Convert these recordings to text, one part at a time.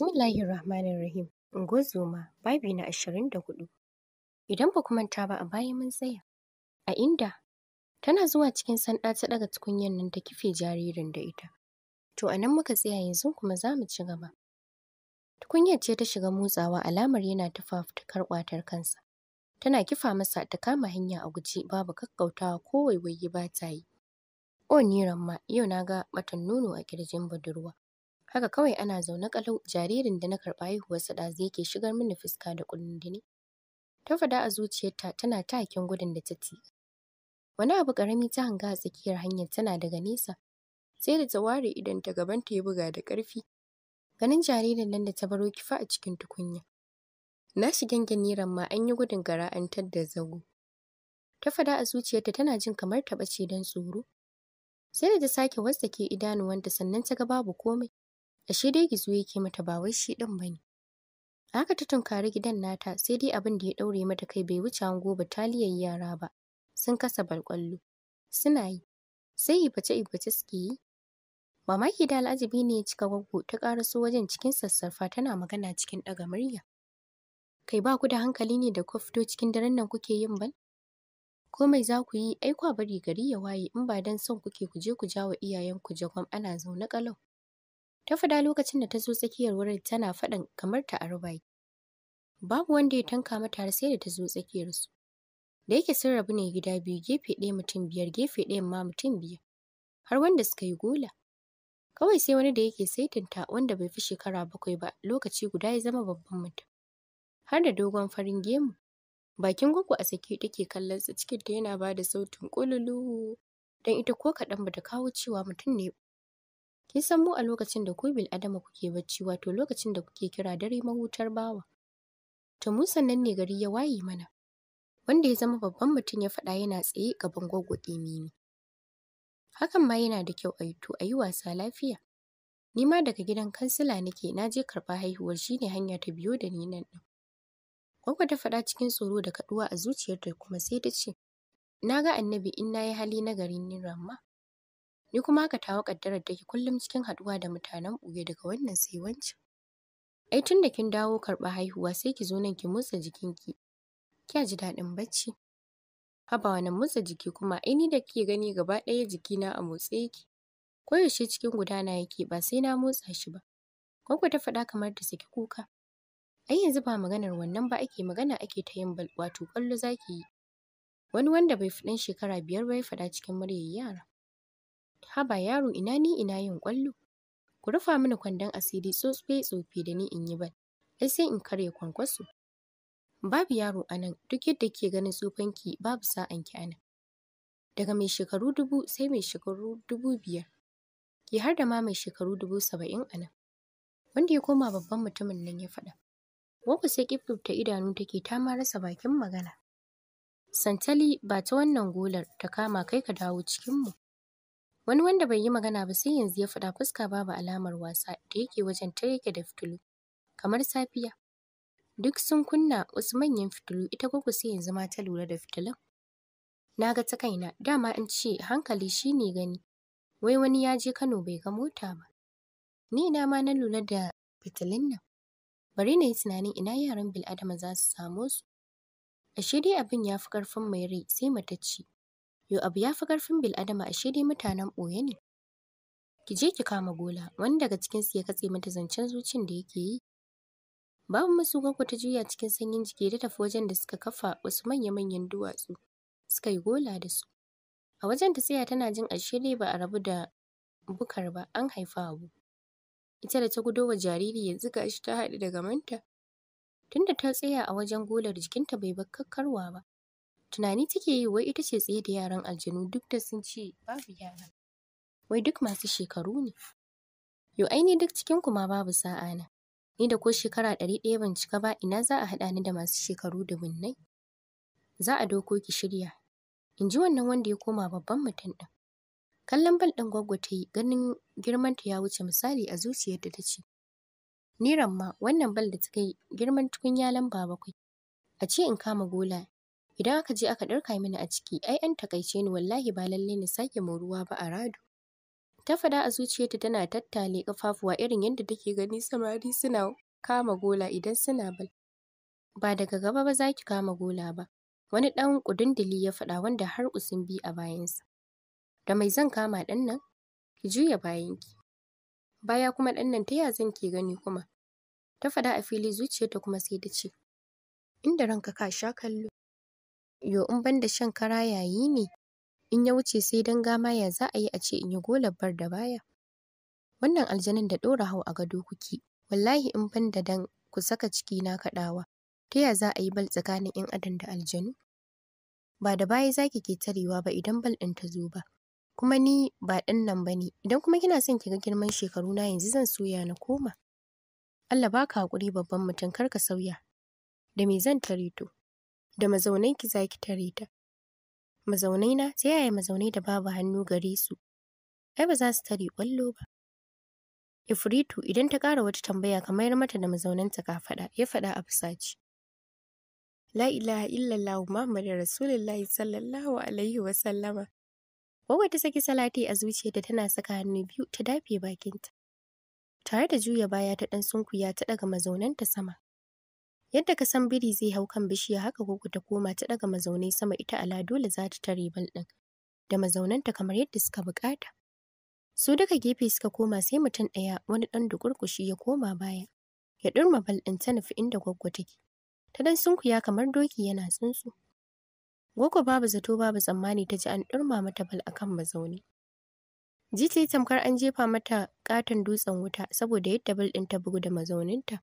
Bismillahir Rahmanir Rahim. Ungozoma, babi na ashirin da hudu. Idan ba ku manta ba a baya mun tsaya. A inda tana zuwa cikin sanda ta daga tukunyar nan ta kife jaririn da ita. To a nan muka tsaya yanzu kuma za mu ci gaba. Tukunyar ce ta shiga motsawa alamar yana ta fafutukar kwatar kansa. Tana kifa masa ta kama hanya a guji babu kakkautawa ko waiwayi ba ta yi. O ni ramma, yau na ga matan nono a kirjin budurwa. Haka kawai ana zaune kalau, jaririn da na karɓa haihuwarsa zai ke shigar mini fuska da ƙudundune. Ta fada a zuciyarta tana ta takin gudun da ta Wani abu karami ta hanga a tsakiyar hanyar tana daga nesa. Sai da ta ware idan ta gabanta ya buga da ƙarfi. Ganin jaririn nan da ta baro kifa a cikin tukunya. Na shi ganganiran ma an yi gudun gara an tadda zago. Ta fada a zuciyarta tana jin kamar ta ɓace don tsoro. Sai da ta sake ke idanuwanta sannan ta ga babu komai. ashe dai gizo yake mata ba wai shi din bane haka ta tunkari gidan nata sai dai abin da ya daure mata kai bai wuce hango taliyar yara ba sun kasa balkwallo suna yi sai ibace ibace suke yi mamaki da al'ajabi ne ya cika gwaggo ta karaso wajen cikin sassarfa tana magana cikin ɗaga murya kai ba ku da hankali ne da ku fito cikin daren nan kuke yin Ko mai za ku yi aikwa bari gari ya waye in ba dan son kuke ku je ku jawo iyayen ku jakwam ana zaune kalau Ta fada lokacin da ta zo tsakiyar wurin tana faɗin kamar ta arba. Babu wanda ya tanka mata har sai da ta zo tsakiyar su. Da yake sun rabu ne gida biyu gefe ɗaya mutum biyar gefe ɗayan ma mutum biyar. Har wanda suka yi gola. Kawai sai wani da yake saitinta wanda bai fi shekara bakwai ba lokaci guda ya zama babban mutum. Har da dogon farin gemu. Bakin gwaggo a sake take kallon sa cikinta yana ba da sautin "Kululu!," don ita ko kaɗan bata kawo cewa mutum ne Kin san mu a lokacin da ku bil adama kuke bacci wato lokacin da kuke kira dare mahutar bawa. To mu sannan ne gari ya waye mana. Wanda ya zama babban mutum ya faɗa yana tsaye gaban gwaggo mimi. Hakan ma yana da kyau a yi to a yi wasa lafiya. Ni ma daga gidan kansila nake na je karɓa haihuwar shi ne hanya ta biyo da ni nan ɗin. Gwagwata ta faɗa cikin tsoro da kaɗuwa a zuciyarta kuma sai ta ce, Na ga annabi in na yi hali na garin Niramma. ramma Ni kuma ka tawa ƙaddarar take kullum cikin haɗuwa da mutanen buge daga wannan sai Ai tun da kin dawo karɓa haihuwa sai ki zo nan ki motsa jikinki. ki ji daɗin bacci. Haba wannan motsa jiki kuma ai ni da kike gani gaba ɗaya jikina a motsi yake. Koyaushe cikin gudana yake ba sai na motsa shi ba. ku ta faɗa kamar da saki kuka. Ai yanzu ba maganar wannan ba ake magana ake ta yin wato kallo zaki yi. Wani wanda bai fi ɗan shekara biyar ba ya faɗa cikin muryar yara. Haba yaro ina ni ina yin kwallo? Ku rufa mini kwandon asiri tsotse tsofi da ni in yi bal. Ai sai in karya kwankwaso. Babu yaro a nan duk yadda ke ganin tsufanki babu sa'anki a nan. Daga mai shekaru dubu sai mai shekaru dubu biyar. Ki har da ma mai shekaru dubu saba'in a nan. Wanda ya koma babban mutumin nan ya faɗa. Wanku sai ta idanu take ta ma rasa bakin magana. Santali ba ta wannan golar ta kama kai ka dawo cikin mu. Wani wanda bai yi magana ba sai yanzu ya faɗa fuska babu alamar wasa da yake wajen ta yake da fitilu. Kamar safiya. Duk sun kunna wasu manyan fitilu ita koko sai yanzu ma ta lura da fitilun. Na ga ta kaina dama in ce hankali shi ne gani. Wai wani ya je Kano bai ga mota ba. Ni na ma na lura da fitilun nan. Bari na yi tunanin ina yaran bil'adama za su samo su. Ashe dai abin ya fi karfin mai rai sai mata ce Yo abu ya fi ƙarfin bil'adama ashe dai mutanen ɓoye ne. Ki je ki kama gola, wani daga cikinsu ya katse mata zancen zucin da yake yi. Babu masu gwaggo ta juya cikin sanyin jiki da tafi wajen da suka kafa wasu manya-manyan duwatsu. Suka yi gola da su. A wajen ta tsaya tana jin ashe dai ba a rabu da bukar ba, an haifa abu. Ita da ta gudo wa jariri yanzu ga shi ta haɗu da gamanta. Tunda ta tsaya a wajen golar jikinta bai bar kakkarwa ba. tunani take yi wai ita ce tsaye da yaran aljanu duk da sun ce babu yara wai duk masu shekaru ne yo aini duk cikin ma babu sa'a na ni da ko shekara ɗari ɗaya ban cika ba ina za a haɗa ni da masu shekaru nai? za a doko ki shirya in ji wannan wanda ya koma babban mutum ɗin kallon bal ɗin gwaggo ta yi ganin girmanta ya wuce misali a zuciyarta ta ce ni ramma wannan bal da ta kai girman tukunya lamba bakwai a ce in kama gola Idan aka je aka ɗauka mini a ciki ai an taƙaice ni wallahi ba lallai na sake moruwa ba a rado. Ta faɗa a zuciyarta tana tattale kafafuwa irin yadda take gani samari suna kama gola idan suna bal. Ba daga gaba ba za ki kama gola ba. Wani ɗan ƙudunduli ya faɗa wanda har usun bi a bayansa. Da mai zan kama ɗan nan? Ki juya bayanki. Baya kuma ɗan nan ta ya zan ke gani kuma? Ta faɗa a fili zuciyarta kuma sai ta ce, inda ranka ka sha kallo. Yo in banda shan kara yayi ne, in ya wuce sai dan gama ya za a yi a ce in yi golar da baya. Wannan aljanin da ɗora hau a gado kuke, wallahi in banda da dan ku saka ciki na kaɗawa, ta ya za a yi bal tsakanin in adam da aljanu? Ba da baya zaki ke tarewa ba idan bal ɗin ta zo ba. Kuma ni ba dan nan ba idan kuma kina son ki girman shekaru na yanzu zan soya na koma. Allah baka hakuri babban mutum kar ka sauya. Da me zan tare to? da mazaunanki za ki tare ta. Mazaunai na ta yaya mazaunai da babu hannu gare su, ai ba za su tare kwallo ba. Ifritu idan ta ƙara wata tambaya ka mayar mata da mazaunanta ka faɗa, ya faɗa a fusaci. La ilaha illallah Muhammadur Rasulullahi sallallahu alaihi wa sallama. ta saki salati a zuciyarta tana saka hannu biyu ta dafe bakinta. Tare da juya baya ta ɗan sunkuya ta ɗaga mazaunanta sama. Yadda ka san biri zai hau kan bishiya haka koko ta koma ta ɗaga mazaunai sama ita ala dole za ta tare bal ɗin da mazaunanta kamar yadda suka bukata Su duka gefe suka koma sai mutum ɗaya wani ɗan dukurkushi ya koma baya. Ya ɗurma bal ɗin ta nufi inda Goggo take. Ta dan sunkuya kamar doki yana tsuntsu. Goggo babu zato babu tsammani ta ji an durma mata bal akan mazauni. Ji ta yi tamkar an jefa mata katon dutsen wuta saboda yadda bal ɗin ta bugu da mazauninta.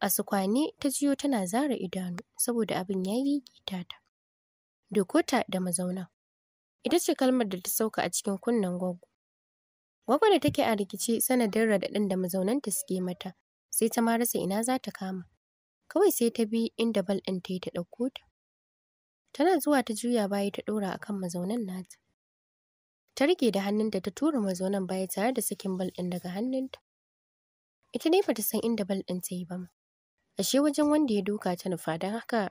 A sukwane ta jiyo tana zara idanu saboda abin ya yi gita ta. Dokota da mazauna. Ita ce kalmar da ta sauka a cikin kunnen gwaggo. Gwaggo da take a rikici sanadin raɗaɗin da mazaunanta suke mata, sai ta ma rasa ina za ta kama. Kawai sai ta bi inda bal ɗin ta yi ta ɗauko ta. Tana zuwa ta juya baya ta ɗora akan mazaunan nata. Ta rike da hannunta ta tura mazaunan baya tare da sakin bal ɗin daga hannunta. Ita dai bata san inda bal ɗin ta yi ba ma. ashe wajen wanda ya duka ta nufa don haka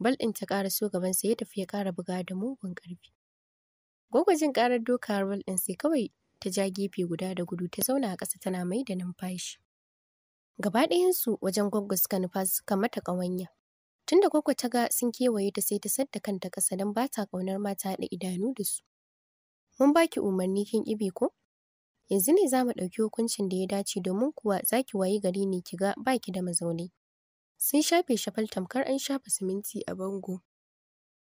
bal ta ƙara so sai ya tafi ya ƙara buga da mugun ƙarfi gwagwajin ƙarar dokawar bal ɗin sai kawai ta ja gefe guda da gudu ta zauna a ƙasa tana mai da numfashi gaba ɗayansu wajen gwaggwa suka nufa suka mata ƙawanya tunda gwaggwa ta ga sun kewaye ta sai ta sadda kanta ƙasa don ba ta ƙaunar mata da idanu da su mun baki umarni kin Ibi, ko yanzu ne za mu ɗauki hukuncin da ya dace domin kuwa za ki wayi gari ne ki ga ba ki da mazauni Sun shafe shafal tamkar an shafa siminti a bango.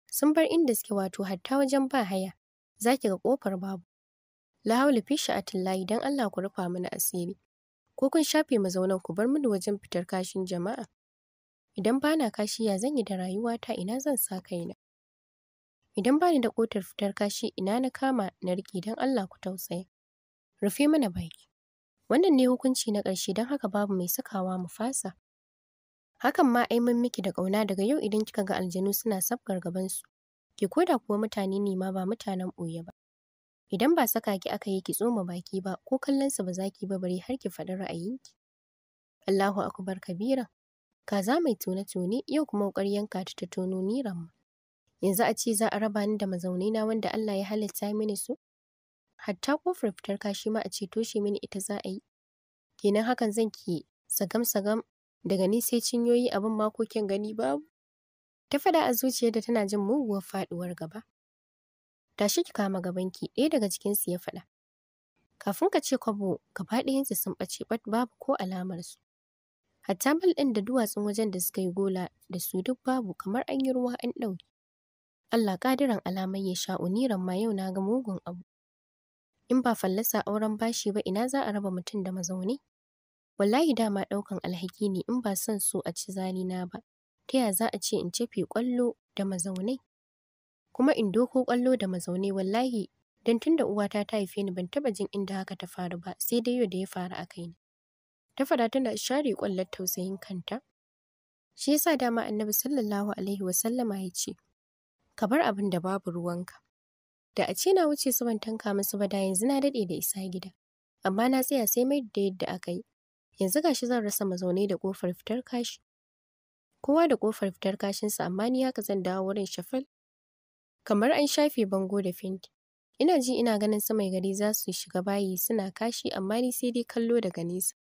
Sun bar inda suke wato hatta wajen ba haya, za ki ga ƙofar babu. La haula fi sha'atillahi dan Allah ku rufa mana asiri. Ko kun shafe mazaunan ku bar mini wajen fitar kashin jama'a. Idan ba na kashi ya zan yi da rayuwata ina zan sa kaina. Idan ba ni da kotar fitar kashi ina na kama na riƙe don Allah ku tausaya. Rufe mana baki. Wannan ne hukunci na ƙarshe don haka babu mai sakawa mu fasa. hakan ma ai mun miki da ƙauna daga yau idan kika ga aljanu suna sabgar gaban su ki koda kuwa mutane ne ma ba mutanen ɓoye ba idan ba saka ki aka yi ki tsoma baki ba ko kallon su ba za ki ba bari har ki faɗi ki. Allahu akbar kabira kaza mai tone tone yau kuma ƙoƙar yanka ta ta tono niran mu yanzu a ce za a raba ni da mazaunai na wanda Allah ya halitta mini su hatta kofar fitar kashi ma a ce toshe mini ita za a yi kenan hakan zan ki sagam sagam daga ni sai cinyoyi abin makokin gani babu ta faɗa a zuciyar da tana jin muguwar faɗuwar gaba tashi ki kama gabanki ɗaya daga cikinsu ya faɗa kafin ka ce kwabo gaba su sun bat babu ko alamarsu hatta bal ɗin da duwatsun wajen da suka yi gola da su duk babu kamar an yi ruwa an ɗauki Allah kadiran alamai ya sha uniran ma yau na ga mugun abu in ba fallasa auren bashi ba ina za a raba mutum da mazauni Wallahi dama ɗaukan alhaki ne in ba son so a ci zani na ba. Ta ya za a ce in cefe ƙwallo da mazaunai? Kuma in doko ƙwallo da mazaunai wallahi don tun da uwata ta haife ni ban taba jin inda haka ta faru ba sai dai yau da ya faru a kaina. Ta fada tana share ƙwallon tausayin kanta. Shi yasa dama annabi sallallahu alaihi wasallama ya ce, Ka bar abin da babu ruwanka. Da a ce na wuce su ban tanka musu ba da yanzu na daɗe da isa gida. Amma na tsaya sai mai da yadda aka yi. yanzu gashi zan rasa mazaune da kofar fitar kashi kowa da kofar fitar kashinsa amma ni haka zan dawo wurin shafal kamar an shafe bango da fenti ina ji ina ganin mai gari za su shiga bayi suna kashi amma ni sai dai kallo daga nesa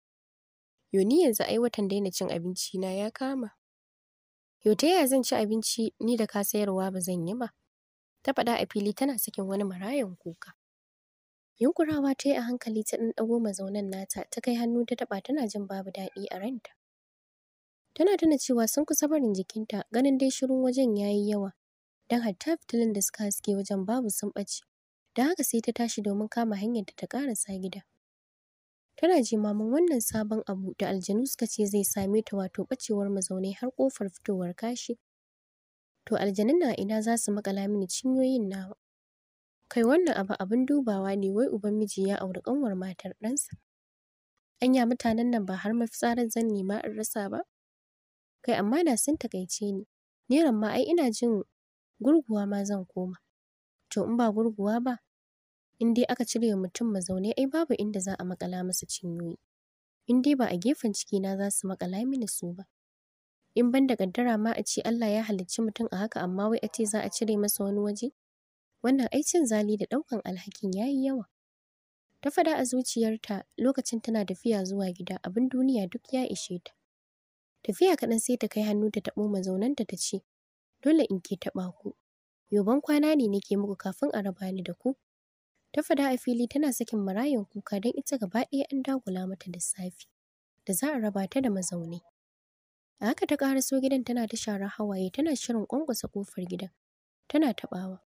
yoni yanzu ai watan daina cin abinci na ya kama yau ta yaya zan ci abinci ni da ka sayarwa ba zan yi ba ta faɗa a fili tana sakin wani marayan kuka Yunkurawa ta yi a hankali ta ɗan ɗago mazaunan nata ta kai hannu ta taɓa tana jin babu daɗi a ranta. Tana tuna cewa sun kusa barin jikinta ganin dai shirun wajen ya yi yawa don hatta fitilun da suka haske wajen babu sun ɓace. don haka sai ta tashi domin kama hanyar da ta ƙarasa gida. Tana jimamin wannan sabon abu da aljanu suka ce zai same ta wato ɓacewar mazaunai har ƙofar fitowar kashi. To aljanun na ina za su maƙala mini cinyoyin nawa? Kai wannan abu abin dubawa ne wai uban miji ya auri kanwar matar ɗansa. Anya mutanen nan ba har mafitsarar zan nema in rasa ba? Kai amma na sun takaice ni. Neran ma ai ina jin gurguwa ma zan koma. To in ba gurguwa ba, in dai aka cire mutum mazaune ai babu inda za a makala masa cinyoyi. In dai ba a gefen cikina za su makala mini su ba. In ban da kaddara ma a ce Allah ya halicci mutum a haka amma wai a ce za a cire masa wani waje? Wannan aicin zali da ɗaukan alhakin ya yi yawa. Ta fada a zuciyarta lokacin tana tafiya zuwa gida abin duniya duk ya ishe ta. Tafiya kaɗan sai ta kai hannu ta taɓo mazaunanta ta ce, Dole in ke taɓa ku, yoban kwana ne nake muku kafin a raba ni da ku. Ta fada a fili tana sakin marayan kuka don ita gaba ɗaya an dagula mata lissafi da za a raba ta da mazaune. A haka ta ƙaraso gidan tana ta shara hawaye tana shirin ƙwanƙwasa ƙofar gidan. Tana taɓawa.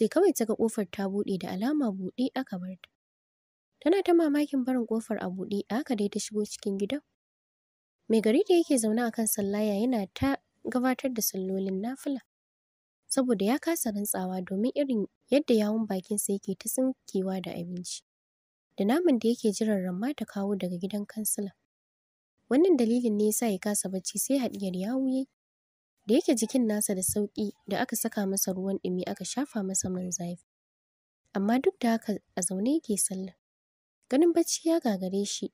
sai kawai ta ga kofar ta buɗe da alama buɗe aka bar ta. Tana ta mamakin barin kofar a buɗe aka dai ta shigo cikin gidan. Mai gari da yake zaune a kan sallaya yana ta gabatar da sallolin nafila. Saboda ya kasa rantsawa domin irin yadda yawun bakinsa yake ta tsinkewa da abinci. Da naman da yake jiran ramma ta kawo daga gidan kansila. Wannan dalilin ne yasa ya kasa bacci sai haɗiyar yawu yake. da yake jikin nasa da sauki da aka saka masa ruwan ɗumi aka shafa masa man zafi. Amma duk da haka a zaune yake sallah. Ganin bacci ya gagare shi,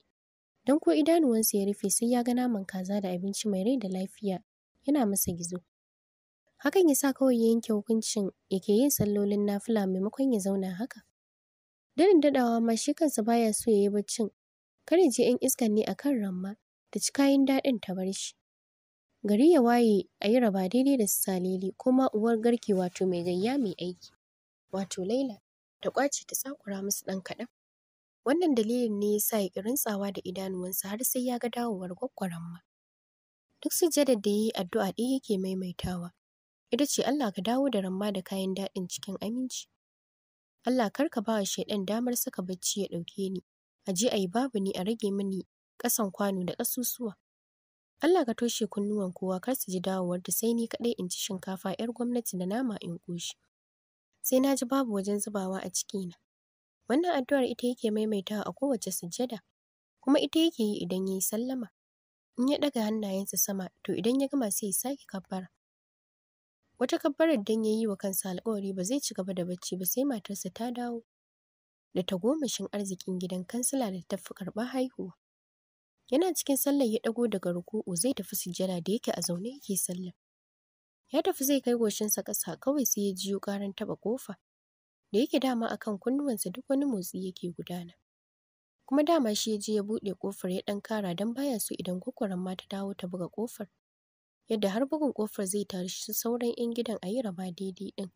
don ko idanuwansa ya rufe sai ya ga naman kaza da abinci mai rai da lafiya yana masa gizo. Hakan ya sa kawai ya yanke hukuncin yake yin sallolin nafila maimakon ya zauna haka. Darin daɗawa ma shi kansa baya so ya yi baccin, kar ya je ‘yan iskan ne akan ramma Da ci kayan daɗin ta bar shi. Gari ya waye a yi raba daidai da su ko ma uwar garki wato mai gayya mai aiki, wato Laila, ta kwace ta tsakura musu ɗan kaɗan. Wannan dalilin ne ya sa ya ki rintsawa da idanuwansa har sai ya ga dawowar gwaggwaranma. Duk sujjadar da ya yi addu'a ɗaya yake maimaitawa, ita ce Allah ka dawo da ramma da kayan daɗin cikin aminci. Allah kar ka bawa wa shaiɗan damar saka bacci ya ɗauke ni, a je a yi babu ni a rage mini ƙasan kwano da ƙasusuwa. Allah ka toshe kunnuwan kowa kar su ji dawowar da sai ni kaɗai in ci shinkafa 'yar gwamnati da nama in ƙoshi. Sai na ji babu wajen zubawa a cikina. Wannan addu'ar ita yake maimaitawa a kowace sujjada, kuma ita yake yi idan ya yi sallama. In ya ɗaga hannayensa sama, to idan ya gama sai ya sake kabbara. Wata kabbarar dan ya yi wa kansa alƙawari ba zai ci gaba da bacci ba sai matarsa ta dawo da tagomashin arzikin gidan kansila da ta fi karɓar haihuwa. Yana cikin sallar ya ɗago daga ruku'u zai tafi sujjada da yake a zaune yake sallar. Ya tafi zai kai goshinsa ƙasa kawai sai ya jiyo ƙaran taɓa ƙofa. Da yake dama akan kunnuwansa duk wani motsi yake gudana. Kuma dama shi ya je ya buɗe ƙofar ya ɗan kara don baya so idan kwakwaran ma ta dawo ta buga ƙofar. Yadda har bugun ƙofar zai su sauran 'yan gidan a yi raba daidai ɗin.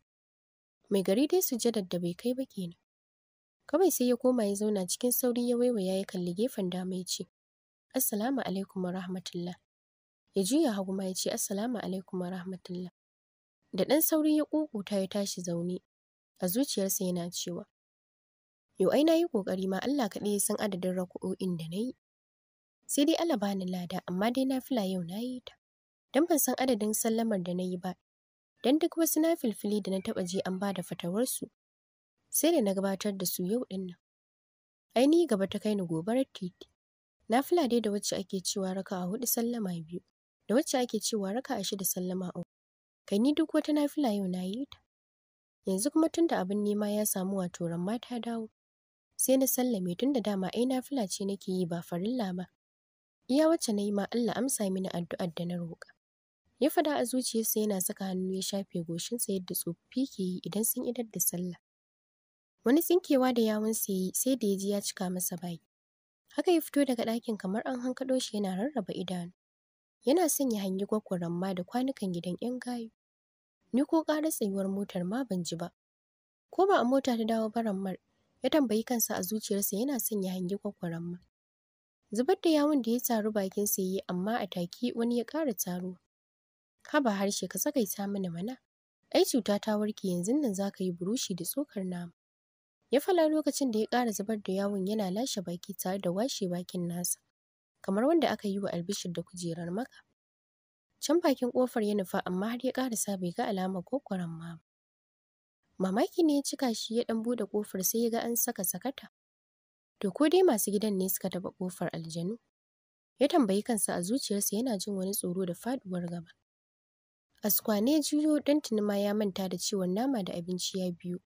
Mai gari dai sujjadar da bai kai ba kenan. Kawai sai ya koma ya zauna cikin sauri ya waiwaya ya kalli gefen dama ya ce, Assalamu alaikum rahmatullah. Ya juya hagu ma ya ce Assalamu alaikum rahmatullah. Da ɗan sauri ya ƙuƙuta ya tashi zaune, a zuciyarsa yana cewa, Yau ai na yi ƙoƙari ma Allah kaɗai ya san adadin raku'o'in da na yi. Sai dai Allah bani lada amma dai na fila yau na yi ta. Don ban san adadin sallamar da na yi ba. Don duk wasu na filfili da na taɓa je an ba da fatawarsu. Sai da na gabatar da su yau ɗin nan. Ai ni gaba ta kai ni gobarar titi. Nafila dai da wacce ake cewa raka a hudu sallama biyu, da wacce ake cewa raka a shida sallama uku. Kai ni duk wata nafila yau na yi ta. Yanzu kuma tunda abin nema ya samu wato ramma mata dawo. Sai na sallame tunda dama ai nafila ce nake yi ba farilla ba. Iya wacce na yi ma Allah amsa mini addu'ar da na roƙa. Ya fada a zuciyarsa yana saka hannu ya shafe goshinsa yadda tsofaffi ke yi idan sun idar da sallah. Wani tsinkewa da yawunsa ya yi sai da ya ji ya cika masa baki. Haka ya fito daga ɗakin kamar an hankaɗo shi yana rarraba idanu. Yana sanya ya hangi ma da kwanukan gidan 'yan gayu. Ni ko ƙara tsayuwar motar ma ban ji ba. Ko ba a mota ta dawo baran mar, ya tambayi kansa a zuciyarsa yana sanya ya hangi ma. Zubar da yawon da ya taru bakin sa yi amma a take wani ya ƙara taruwa. Haba harshe ka tsakaita mini mana. Ai cuta ta warke yanzu nan za ka yi burushi da tsokar nama. ya fala lokacin da ya ƙara zubar da yawon yana lashe baki tare da washe bakin nasa kamar wanda aka yi wa albishir da kujerar maka can bakin ƙofar ya nufa amma har ya ƙarasa bai ga ko kokoran ma mamaki ne ya cika shi ya ɗan buɗe kofar sai ya ga an saka sakata to ko dai masu gidan ne suka taɓa ƙofar aljanu ya tambayi kansa a zuciyarsa yana jin wani tsoro da faɗuwar gaba askwane juyo don tunima ya manta da ciwon nama da abinci ya biyo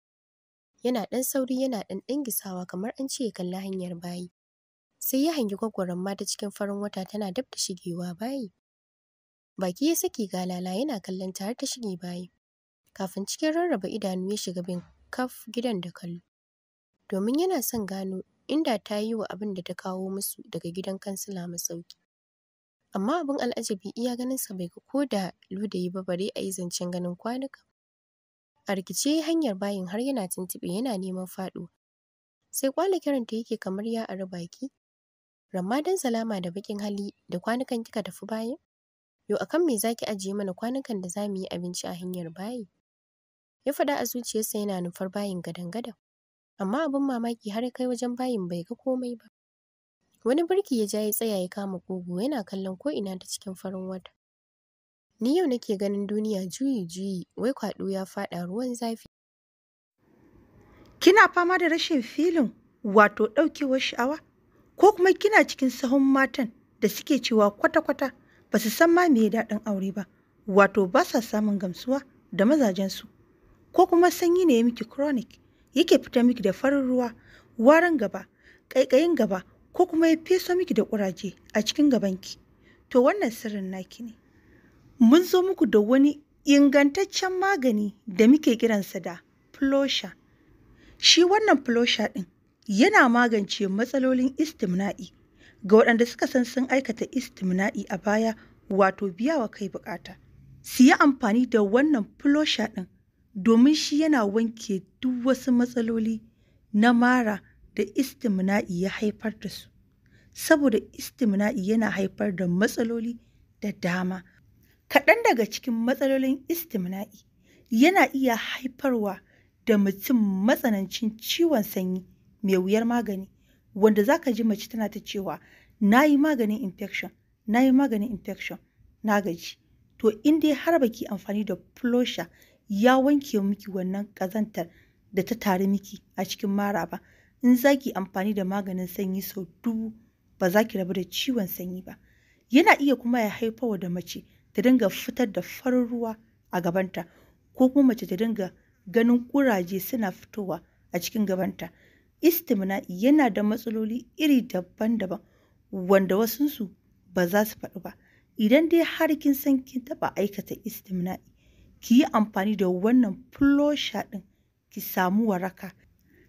yana ɗan sauri yana ɗan ɗingisawa kamar an ce ya kalli hanyar bayi. Sai ya hangi gwaggwaron mata cikin farin wata tana dab da shigewa bayi. Baki ya saki ga galala yana kallon ta har ta shige bayi. Kafin cikin rarraba idanu ya shiga bin kaf gidan da kallo. Domin yana son gano inda ta yi wa abin da ta kawo musu daga gidan kansila masauki. Amma abin al'ajabi iya ganinsa bai ga ko da lu yi ba bare a yi zancen ganin kwanuka. A rikice hanyar bayin har yana tuntuɓe yana neman faɗo. Sai kwala kiranta yake kamar ya ari baki. Ramma dan salama da bakin hali da kwanukan kika tafi bayin? Yo akan me zaki ajiye mana kwanukan da za mu yi abinci a hanyar bayi? Ya faɗa a zuciyarsa yana nufar bayin gadan-gadan. Amma abin mamaki har kai wajen bayin bai ga komai ba. Wani birki ya ja ya tsaya ya kama gogo yana kallon ko'ina ta cikin farin wata. Ni yau nake ganin duniya juyi-juyi, wai kwaɗo ya faɗa ruwan zafi. Kina fama da rashin filin wato ɗaukewar sha'awa? Ko kuma kina cikin sahun matan da suke cewa kwata-kwata ba su san ma me daɗin aure ba, wato ba sa samun gamsuwa da mazajensu. Ko kuma sanyi ne ya miki chronic, yake fita miki da farin ruwa, warin gaba, ƙaiƙayin gaba, ko kuma ya feso miki da ƙuraje a cikin gabanki. To wannan sirrin naki ne. mun zo muku da wani ingantaccen magani da muke kiransa da flosha. Shi wannan flosha ɗin yana magance matsalolin istimna'i ga waɗanda suka san sun aikata istimna'i a baya wato biya wa kai bukata. Su yi amfani da wannan flosha ɗin domin shi yana wanke duk wasu matsaloli na mara da istimna'i ya haifar da su. Saboda istimna'i yana haifar da matsaloli da dama. Kaɗan daga cikin matsalolin istimna'i yana iya haifarwa da mutum matsanancin ciwon sanyi mai wuyar magani, wanda za ka ji mace tana ta cewa, na yi maganin infection, na yi maganin infection, na gaji. To in dai har ba ki amfani da plosha ya wanke miki wannan ƙazantar da ta taru miki a cikin mara ba, in za ki amfani da maganin sanyi sau dubu ba za ki rabu da ciwon sanyi ba. Yana iya kuma ya haifarwa da mace ta dinga fitar da farin ruwa a gabanta ko kuma mace ta dinga ganin ƙuraje suna fitowa a cikin gabanta istimna'i yana da matsaloli iri daban-daban wanda wasunsu ba za su faɗi ba idan dai har kin san kin taɓa aikata istimna'i ki yi amfani da wannan fulosha ɗin ki samu waraka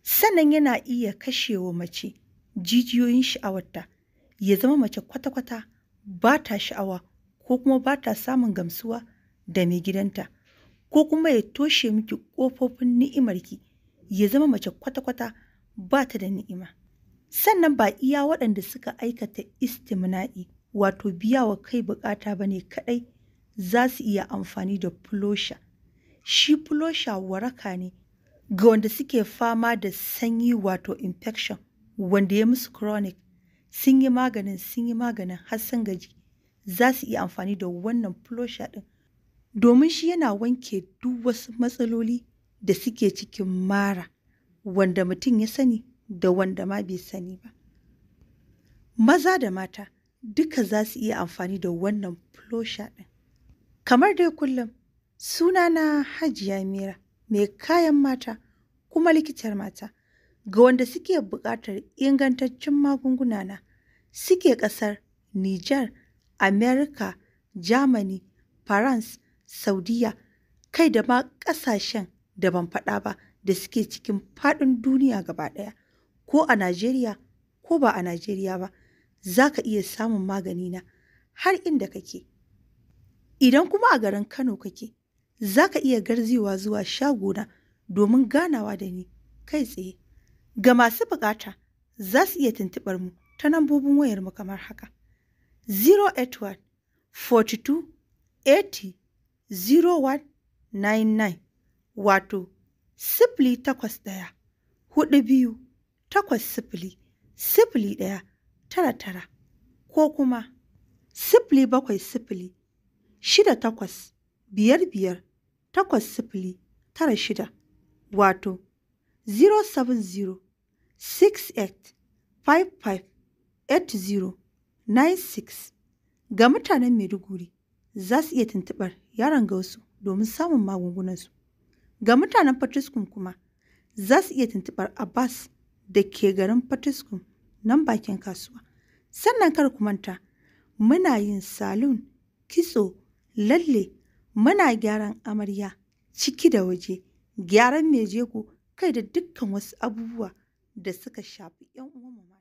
sannan yana iya kashewa mace jijiyoyin sha'awarta ya zama mace kwata-kwata ba ta sha'awa ko kuma ba ta samun gamsuwa da mai gidanta ko kuma ya toshe miki ƙofofin ni'imarki ya zama mace kwata-kwata ba ta da ni'ima. Sannan ba iya waɗanda suka aikata istimna'i wato biya wa kai bukata ba ne kaɗai za su iya amfani da fulosha. Shi fulosha waraka ne ga wanda suke fama da sanyi wato infection wanda ya musu chronic sun yi maganin sun yi maganin har sun gaji za su iya amfani da wannan plosha ɗin domin shi yana wanke duk wasu matsaloli da suke cikin mara wanda mutum ya sani da wanda ma bai sani ba. Maza da mata duka za su iya amfani da wannan plosha ɗin. Kamar dai kullum suna na Hajiya Mira mai kayan mata kuma likitar mata ga wanda suke buƙatar ingantaccen magunguna na suke ƙasar Nijar. Amerika, Jamani, Faransa, Saudiyya, kai da ma ƙasashen da ban faɗa ba da suke cikin faɗin duniya gaba ɗaya, ko a Najeriya ko ba a Najeriya ba, za ka iya samun magani na har inda kake. Idan kuma a garin Kano kake, za ka iya garzewa zuwa shagona domin ganawa da ni kai tsaye. Ga masu buƙata, za su iya tuntuɓar mu ta wayar wayarmu kamar haka. 081 42 80 0199 wato sifili takwas ɗaya huɗu biyu takwas sifili sifili ɗaya tara tara ko kuma sifili bakwai sifili shida takwas biyar biyar takwas sifili tara shida wato 070 68 55 80 9-6 ga mutanen Maiduguri za su iya tuntuɓar Yaron wasu domin samun magungunansu. Ga mutanen Patiskum kuma za su iya tuntuɓar Abbas da ke garin Patiskum nan bakin kasuwa. Sannan kar ku manta, muna yin salon, kitso, lalle, muna gyaran amarya, ciki da waje, gyaran mai jego kai da dukkan wasu abubuwa da suka shafi 'yan uwanmu.